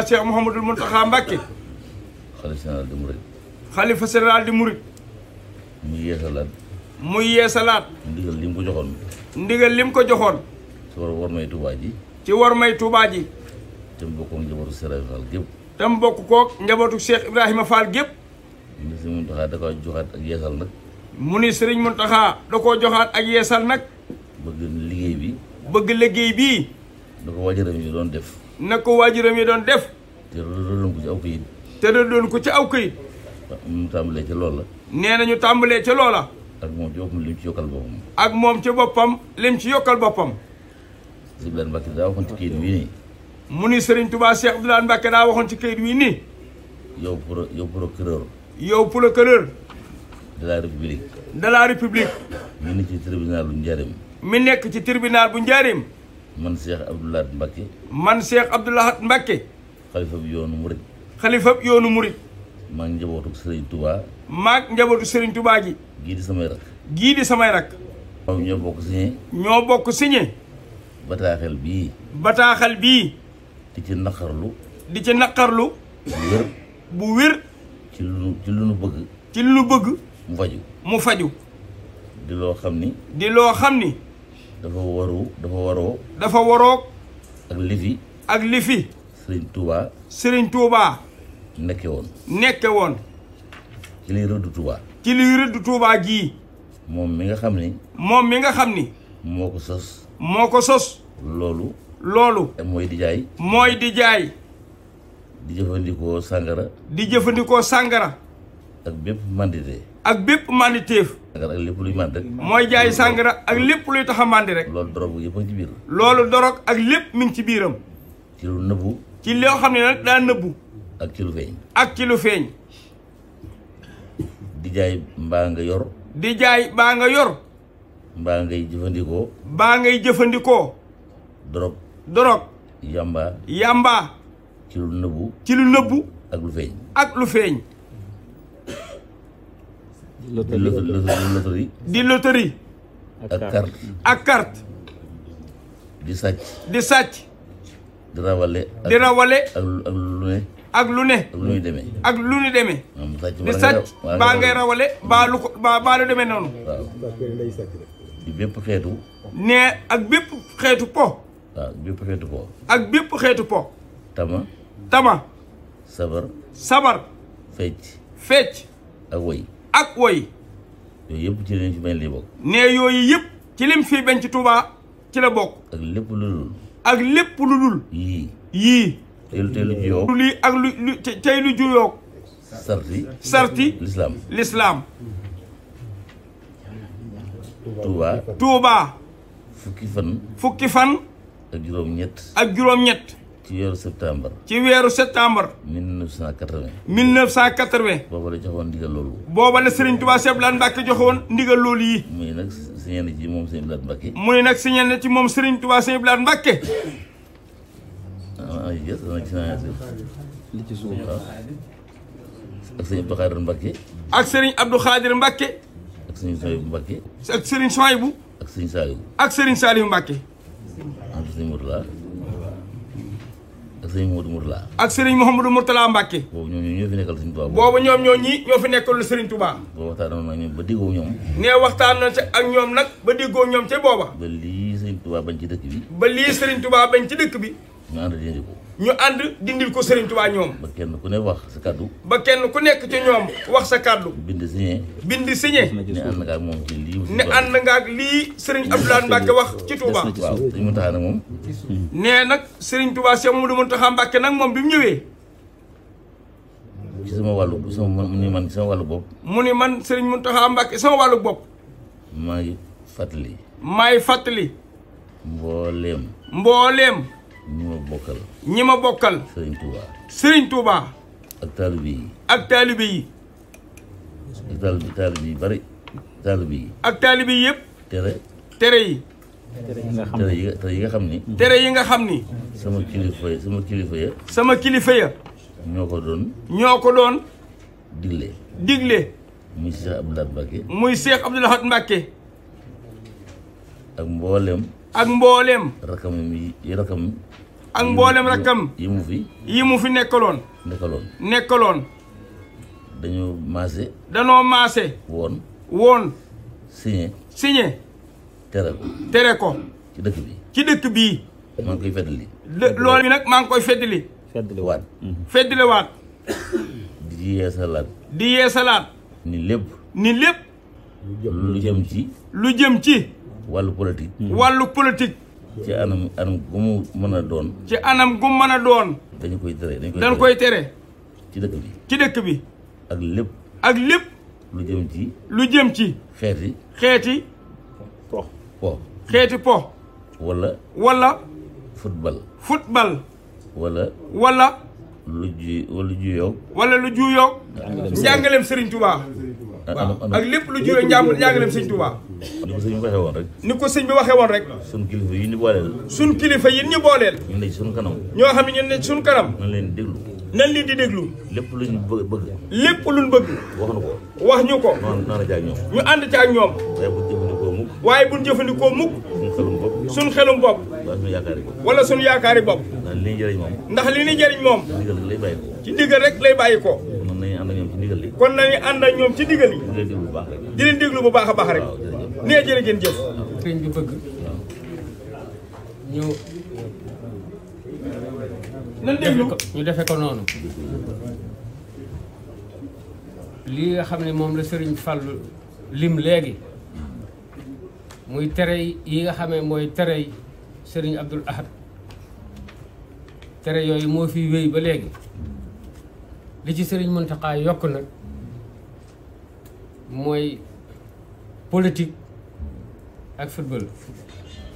Mawlana Cheikh Mouhamadul Mountakha Mbacké. xalifa général di Mouride. muy yeesalaat. muy yeesalaat. ndigal lim ko joxoon. ndigal lim ko joxoon. ci war war may Touba ji. ci war may Touba ji. te mu bokk ak njabootu Cheikh Ibrahima Fall gépp. te mu bokk koog njabootu Cheikh Ibrahima Fall gépp. mu ni Serigne Mountakha da koo joxaat ak yeesal nag. mu ni Serigne Mountakha da koo joxaat ak yeesal nag. bëgg liggéey bi. bëgg liggéey bii. da ko waajuram yi doon def. na ko waajuram yi doon def. te doon ko ci aw kayit. te doon ko ci aw kayit. ñu tàmbalee ca loola. nee na ñu tàmbalee ca loola. ak moom ci boppam lim ci yokkal boppam. ak moom ci boppam lim ci yokkal Sëriñ Abdoulaye Mbacke daa waxoon ci nii. mu ni Serigne Touba Cheikh Abdoulaye Mbacke daa waxoon ci kayit wii nii. yow pro yow procureur. yow procureur. de la république. de la république. mi nekk ci tribunal bu njaareem. mi nekk ci tribunal bu njaareem. man Cheikh Abdou Lahad man Cheikh Abdou Lahad xalifa bi yoonu murit xalifa bi yoonu murit maag njabootu Serigne tubaa maag njabootu Serigne Touba gi gii di samay rak gii di samay rak ñoo bokk signé ñoo bokk signé bataaxal bii bataaxal bii di ci naqarlu di ci naqarlu bu wér bu wér ci ci lu nu bëgg ci lu nu bëgg mu faju mu faju di loo xam ni di loo xam ni dafa waru dafa waroo dafa waroog ak lifi ak lifi sëriñ Touba sëriñ Touba nekke woon nekke woon ci liy rëddu Touba ci liy rëddu Touba jii moom mi nga xam ni moom mi nga xam ni moo ko sos moo ko sos loolu loolu mooy di jaay mooy di jaay di jëfandikoo sàngara di jëfandikoo sàngara ak bépp mandité ak bépp manditeef. sàngara lépp luy mooy jaay sàngara ak lépp luy tax a rek. loolu dorog bu a ci biir. loolu dorog ak lépp mi ngi ci biiram. ci lu nëbbu. ci loo xam ne nag daa nëbbu. ak ci lu feeñ. ak ci lu feeñ. di jaay mbaa nga yor. di jaay mbaa nga yor. mbaa ngay jëfandikoo. mbaa ngay jëfandikoo. dorog. dorog. yamba. yamba. ci lu ci lu nëbbu. ak lu feeñ. ak lu feeñ. loterie di loterie ak carte ak carte di sàcc di rawale di rawale ak lu ne ak lu ne ak lu ñu demee ak lu ñu demee ah, baa ngay rawale baa lu ko noonu di bépp xeetu ne ak bépp xeetu po waaw bépp xeetu po po tama tama sabar sabar fecc fecc ak woy ak woy yooyu yëpp ci lim fi bañ lay bokk ne yooyu yëpp ci lim fi bañ ci Touba ci la bokk ak lépp lu dul ak lépp lu dul yii yii tey lu tey lu lii ak lu lu sarti sarti lislaam lislaam Touba Touba fukki fan fukki fan ak juróom-ñett ak juróom-ñett ci weeru septembre. ci weeru septembre. 1980. 1980. booba la joxoon ndigal loolu. booba la Serigne Touba Cheikh Abdoulaye Mbacke joxoon ndigal loolu yi. muy nag ci moom Serigne Abdoulaye Mbacke. muy nag si ñenn ci moom Serigne Touba Cheikh Abdoulaye Mbacke. ah a ngi ci naan li ci suuf waaw. Ah. ak Serigne Abdou Khadir Mbacke. ak Serigne Abdou Khadir Mbacke. ak ak sëriñ Mouhamadou Mourtala ak sëriñ Mouhamadou Mourtala Mbacke boobu ñoom ñoo fi nekkal sëriñ Touba boobu ñoom ñoo ñi ñoo fi nekkal sëriñ Touba boobu waxtaan na ñoom ba déggoo ñoom nee waxtaan na ak ñoom nag ba déggoo ñoom ca booba ba lii Serigne bañ ci dëkk bi. ba lii sëriñ Touba bañ ci dëkk bi. ñu ànd dindi ko. sëriñ ànd ñoom. ba kenn ku ne wax sa kàddu ba kenn ku nekk ci ñoom wax sa kàddu bind signé. bind signé. ne ànd nga ak moom ci lii. ne ànd nga ak lii Serigne Abdoulaye Mbacke wax ci Touba. waaw Serigne Mountakha nag moom. nee nag Serigne Touba Cheikh Mouhamadou Mountakha Mbacke nag moom bi mu ñëwee. sama wàllu sama mu man ci sama wàllu bopp. mu ni man Serigne Mountakha Mbacke sama wàllu bopp. maa ngi fàttali. maay fàttali. mbooleem. mbooleem. ñi ma bokkal. ñi ma bokkal. Serigne Touba. Serigne Touba. ak taalibe yi. ak taalibe yi. ak taalibe taalibe yi bari. taalibe yi. ak taalibe yi yëpp. tere. tere yi. tere yi nga xam ni tere yi nga xam ni. tere yi nga xam ni. sama kilifa ya sama kilifa ya. sama kilifa ya. ñoo ko doon. ñoo ko doon. digle. digle. muy Cheikh Abdoulaye Mbacke. muy Cheikh Abdoulaye Mbacke. ak mbooleem. ak mboolem. rakam yi rakam. ak mboolem rakam. yi mu fi. yi mu fi nekkaloon. nekkaloon nekkaloon. dañoo maase. dañoo maase. woon. woon. signé. signé. tere ko. tere ko. ci dëkk bi. ci dëkk bii. maa ngi koy feddali. loolu bi nag maa ngi koy feddali. feddali waat. feddali waat. di yeesalaat. di yeesalaat. ni lépp. ni lépp. lu jëm ci. lu jëm ci. wàllu politique. Mm. wàllu politique. ci anam gu mu mën a doon. ci anam gu mën a doon. dañu koy tere dañu koy tere koy tere. ci dëkk bi. ci dëkk bi. ak lépp. lépp. lu jëm ci. lu jëm ci. xeeti. xeeti. po xeeti po. walla wala. football. football. wala. wala. lu ju wala juyoo. wala lu juyoo. njàngaleem Serigne Touba. ak lépp lu juyoo njàngaleem Serigne Touba. ni ko sëñ bi waxee woon rek ni ko sëñ bi waxee woon rek sun kilifa yi ñu booleel sun kilifa yi ñu booleel ñu ne ci sun kanam ñoo xam ne ñu ne ci kanam nañ leen déglu nan lii di déglu lépp luñ bëgg lépp luñ bëgg wax nu ko wax ñu ko ñu ànd ñoom ñu ànd ci ak ñoom waaye bu jëfandikoo mukk waaye buñ jëfandikoo mukk suñ xelum bopp suñ xelum bopp wala suñ yaakaari bopp ndax li ñuy jëriñ moom ndax li ñuy jëriñ moom ci lay bàyyi ko kon nañu ànd ak ñoom ci ndigal yi di leen déglu bu baax rek di leen bu baax a baax rek nee jërë ngeen jëf. sëriñ bi bëgg ñu. nan defe ko noonu. lii nga xam ne moom la sëriñ Fallou lim léegi muy tere yi nga xamee mooy tere sëriñ Abdoul Ahad tere yooyu moo fi wéy ba léegi li ci sëriñ Mountakha yokk nag mooy politique ak football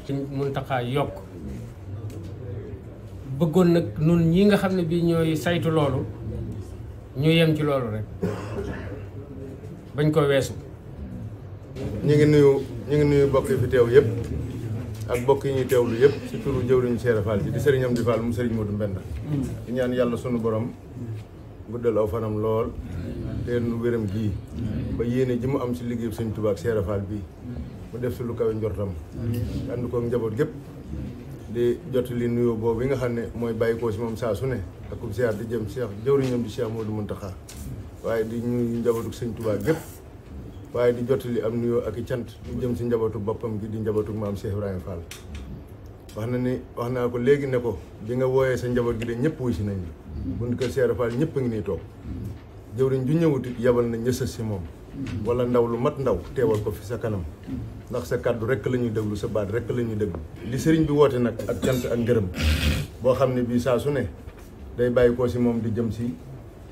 ci Muntaxa yokk bëggoon nag nun ñi nga xam ne bii ñooy saytu loolu ñu yem ci loolu rek bañ ko weesu ñu ngi nuyu ñu ngi nuyu bokk yi fi teew yëpp ak bokk yi ñuy teewlu yëpp ci turu jëwriñu Cheikh Fall ji di sëriñ Amdi Fall mu sëriñ Modou Mbenda di ñaan yàlla sunu borom guddal aw fanam lool teen nu wéram gii ba yéene ji mu am ci liggéey Sëriñ Tuubaa ak Cheikh Fall bii mu def si lu kawe njortam ànd ko njaboot gépp di jot li nuyoo boobu yi nga xam ne mooy bàyyi ko si moom saa su ne ak ub siyaar di jëm Cheikh jëwriñam di du Modou Mountakha waaye di ñuy njabootu sëñ Tuubaa gépp waaye di jot li am nuyoo ak i cant di jëm si njabootu boppam gi di njabootu maam Cheikh Ibrahima Fall wax na ni wax naa ko léegi ne ko bi nga wooyee sa njaboot gi de ñëpp wuy si nañ bunt kër Cheikh Fall ñëpp a ngi nii toog jëwriñ ju ñëwut yabal na ñësës si moom wala ndaw lu mat ndaw teewal ko fi sa kanam ndax sa kàddu rek la ñuy déglu sa baat rek la ñuy déglu li sëriñ bi woote nag ak cant ak gërëm boo xam ne bii saa su ne day bàyyi ko si moom di jëm si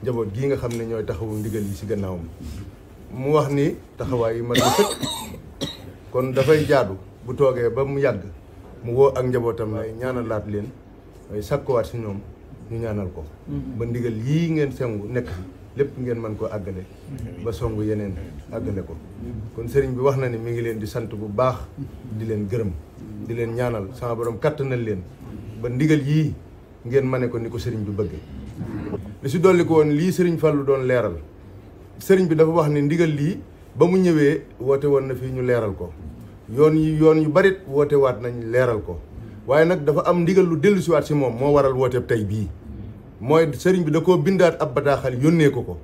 njaboot gii nga xam ne ñooy taxawu ndigal yi si gannaawam mu wax ni taxawaay yi mat na sëkk kon dafay jaadu bu toogee ba mu yàgg mu woo ak njabootam ay ñaanalaat leen ay sakkuwaat si ñoom ñu ñaanal ko ba ndigal yii ngeen sengu nekk lépp ngeen mën ko àggale ba songu yeneen àggale ko kon sëriñ bi wax na ne mi ngi leen di sant bu baax di leen gërëm di leen ñaanal sama borom kattanal leen ba ndigal yii ngeen mane ko ni ko sëriñ bi bëgge li si dolli ko woon lii sëriñ lu doon leeral sëriñ bi dafa wax ne ndigal lii ba mu ñëwee woote woon na fii ñu leeral ko yoon yi yoon yu bari woote waat nañ leeral ko waaye nag dafa am ndigal lu dellu siwaat si moom moo waral woote tey bii mooy sëriñ bi da koo bindaat ab bataaxal yónnee ko ko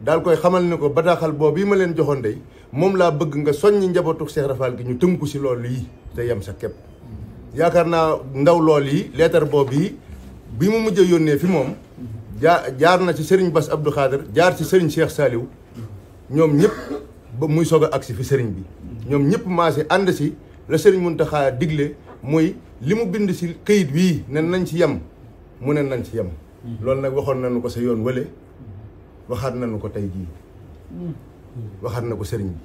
daal koy xamal ne ko bataaxal boobu yi ma leen joxoon day moom laa bëgg nga soññi njabootu Seex Rafal gi ñu tënku si loolu yi te yem sa képp yaakaar naa ndaw lool yi leetar boobu yi bi mu mujj yónnee fi moom jaa jaar na ci sëriñ Bass Abdou Khader jaar ci sëriñ Cheikh Saliou ñoom ñëpp ba muy soog a agsi fi sëriñ bi ñoom ñëpp maase ànd si la sëriñ Mountakha digle muy li mu bind si këyit wii ne nañ ci yem mu ne nañ ci yem Mm-hmm. loolu nag waxoon nañu ko sa yoon wële mm-hmm. waxaat nañu ko tey jii mm-hmm. waxaat na ko sëriñ bi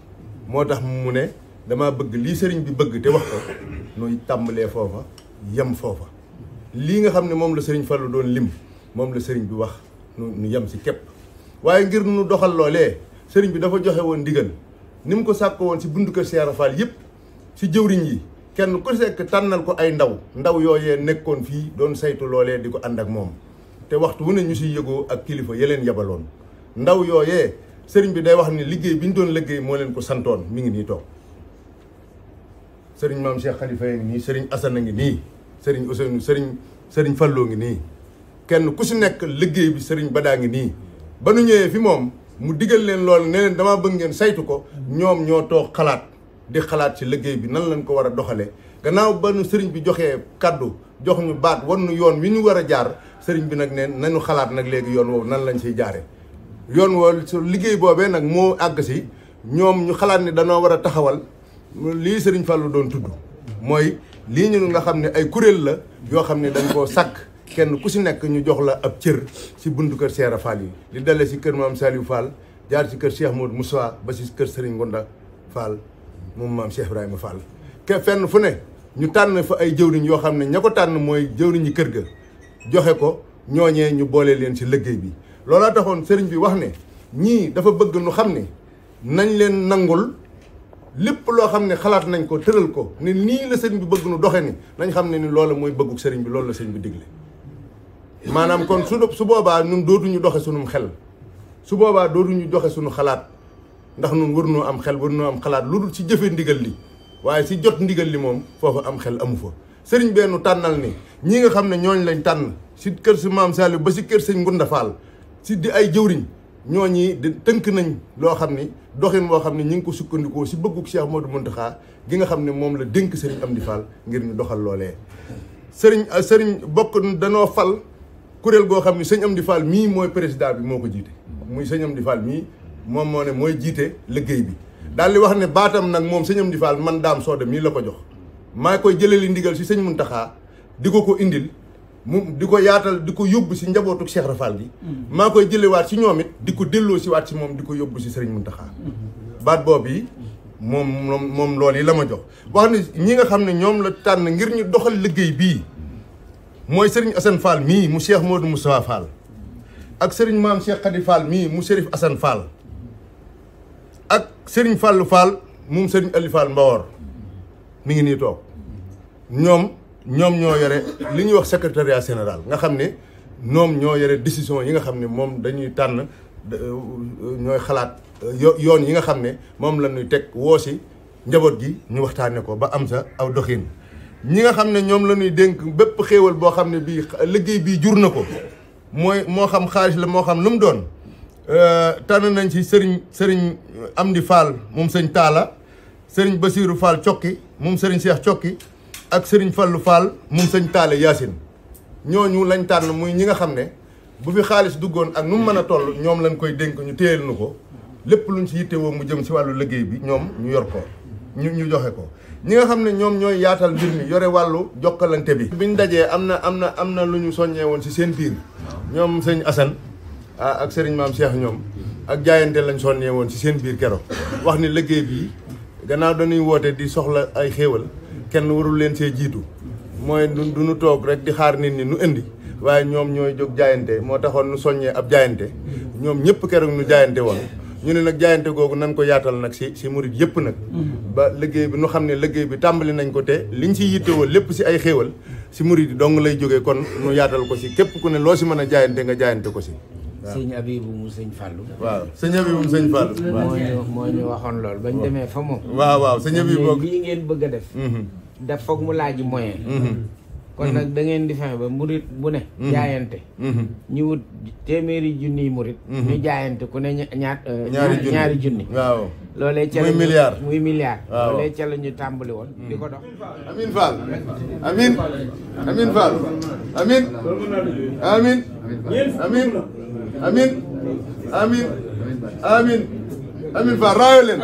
moo tax mu ne dama bëgg lii sëriñ bi bëgg te wax ko nuy tàmbalee foofa yem foofa lii nga xam ne moom la sëriñ Fallou doon lim moom la sëriñ bi wax nu nu yem si képp waaye ngir nu doxal loolee sëriñ bi dafa joxe woon ndigal ni mu ko sàkk woon si bundu kër Cheikh fal yëpp si jëwriñ yi kenn ku sekk tànnal ko ay ndaw ndaw yooyee nekkoon fii doon saytu loolee di ko ànd ak moom te waxtu wu ne ñu si yëgoo ak kilifa yeleen yabaloon ndaw yooyee sëriñ bi day wax ni liggéey bi ñu doon liggéey moo leen ko santoon mu ngi nii toog sëriñ maam Cheikh Khalifa ngi nii sëriñ Assane ngi nii sëriñ Ousseynou sëriñ sëriñ Fallou ngi nii kenn ku si nekk liggéey bi sëriñ Badaa ngi nii ba nu ñëwee fi moom mu digal leen lool ne leen damaa bëgg ngeen saytu ko ñoom ñoo toog xalaat di xalaat ci liggéey bi nan lañ ko war a doxalee gannaaw ba nu sëriñ bi joxee kàddu jox ñu baat wan yoon wi ñu war a jaar sëriñ bi nag ne nañu xalaat nag léegi yoon woowu nan lañu siy jaare yoon woowu su liggéey boobee nag moo àgg si ñoom ñu xalaat ni danoo war a taxawal lii sëriñ Fallou doon tudd mooy lii ñu nga xam ne ay kuréel la yoo xam ne dañ koo sàkk kenn ku si nekk ñu jox la ab cër si buntu kër Seera Fall yi li dalee si kër maam Saliou faal jaar si kër Cheikh Modou Moussa ba si kër sëriñ Gonda Fall moom maam Cheikh Ibrahima Fall ke fenn fu ne ñu tànn fa ay jëwriñ yoo xam ne ña ko tànn mooy jëwriñi kër ga joxe ko ñooñee ñu boole leen ci liggéey bi loolaa taxoon sëriñ bi wax ne ñii dafa bëgg nu xam ne nañ leen nangul lépp loo xam ne xalaat nañ ko tëral ko ne nii la sëriñ bi bëgg nu doxe ni nañ xam ne ni loola mooy bëggu sëriñ bi loolu la sëriñ bi digle maanaam kon su su boobaa ñun dootuñu doxe sunum xel su boobaa dootuñu doxe suñu xalaat ndax ñun wër noo am xel war noo am xalaat lu dul ci jëfe ndigal li waaye si jot ndigal li moom foofa am xel amu fa sëriñ bennu tànnal ni ñi nga xam ne ñooñ lañ tànn si kër si maam Saliou ba si kër sëñ Ngunda Fall si di ay jëwriñ ñooñi di tënk nañ loo xam ni doxin boo xam ne ñi ngi ko sukkandikoo si moo Cheikh Modou xaar gi nga xam ne moom la dénk sëriñ Amdi Fall ngir ñu doxal loolee sëriñ ah, sëriñ bokk danoo fal kuréel goo xam ne sëñ Amdi Fall mii mooy président bi moo ko jiite muy sëñ Amdi Fall mii moom moo ne mooy jiite liggéey bi daal di wax ne baatam nag moom sëñam di faal man daam sooda mii la ko jox maa koy jëleli ndigal si sëñ Muntaxa di ko ko indil mu di ko yaatal di ko yóbbu si njabootu Cheikh Rafal gi mm-hmm. maa koy jëlewaat si ñoom it di ko delloo si waat moom di ko yóbbu si sëriñ Muntaxa mm-hmm. baat boobu yi moom moom yi la ma jox wax ne ñi nga xam ne ñoom la tànn ngir ñu doxal liggéey bii mooy sëriñ Assane Fall mii mu Cheikh Modou Moustapha Fall ak sëriñ maam Cheikh Khady Fall mii mu Chérif Assane Fall ak Serigne Fallou Fall moom Serigne Ali Fall Mbawor mi ngi nii toog ñoom ñoom ñoo yore li ñuy wax secrétariat général nga xam ne ñoom ñoo yore décision yi nga xam ne moom dañuy tànn euh, ñooy xalaat euh, yoon yi nga xam ne moom la teg woo si njaboot gi ñu waxtaane ko ba am sa aw doxin ñi nga xam ne ñoom la ñuy dénk bépp xéewal boo xam ne bii liggéey bii jur na ko mooy moo xam xaalis la moo xam lu mu doon Euh, tànn nañ ci sëriñ sëriñ Amdi Fall moom sëñ Taala sëriñ Basiiru Fall Cokki moom sëriñ Seex Cokki ak sëriñ Fallu Fall mu sëñ Taale Yaasin ñooñu lañ tànn muy ñi nga xam ne bu fi xaalis duggoon ak nu mu mën a toll ñoom lañ koy dénk ñu téyel nu ko lépp lu luñ ci yittewoo mu jëm ci wàllu liggéey bi ñoom ñu yor ko ñu ñu joxe ko ñi nga xam ne ñoom ñooy yaatal mbir mi yore wàllu jokkalante bi. biñ dajee am na am na am na lu ñu soññee woon ci seen biir ñoom sëñ Assane. ah ak sëriñ maam Cheikh ñoom ak jaayante lañ sonnee woon ci seen biir kero wax ni liggéey bii gannaaw dañuy woote di soxla ay xéewal kenn warul leen see jiitu mooy du du nu toog rek di xaar nit ñi nu indi waaye ñoom ñooy jóg jaayante moo taxoon nu soññee ab jaayante ñoom ñëpp keroog nu jaayante woon ñu ne nag jaayante googu nan ko yaatal nag si si murit yëpp nag mm-hmm. ba liggéey bi nu xam ne liggéey bi tàmbali nañ ko te li ñu si yittewoo lépp si ay xéewal si murit yi dong lay jógee kon nu yaatal ko si képp ku ne loo si mën a jaayante nga jaayante ko si sëñ Abibu mu sëñ Fallou. waaw sëñ Abibu mu sëñ Fallou. moo ñu moo ñu waxoon loolu bañ demee fa moom. waaw waaw sëñ Abibu bii ngeen bëgg a def. Mm-hmm. daf foog mu laaj moyen. Mm-hmm. kon nag da ngeen di fexe ba murit bu ne. Mm-hmm. jaayante. ñu wut téeméeri junniy murit. ñu jaayante ku ne ñaar euh, ñaari junni ñaari junni. waaw loolee ca muy milliard muy milliard. waaw loolee ca la ñu tàmbali woon. di ko dox amin Fall amin amin Fall amin amin amin amin amin amin amin fa raayo leen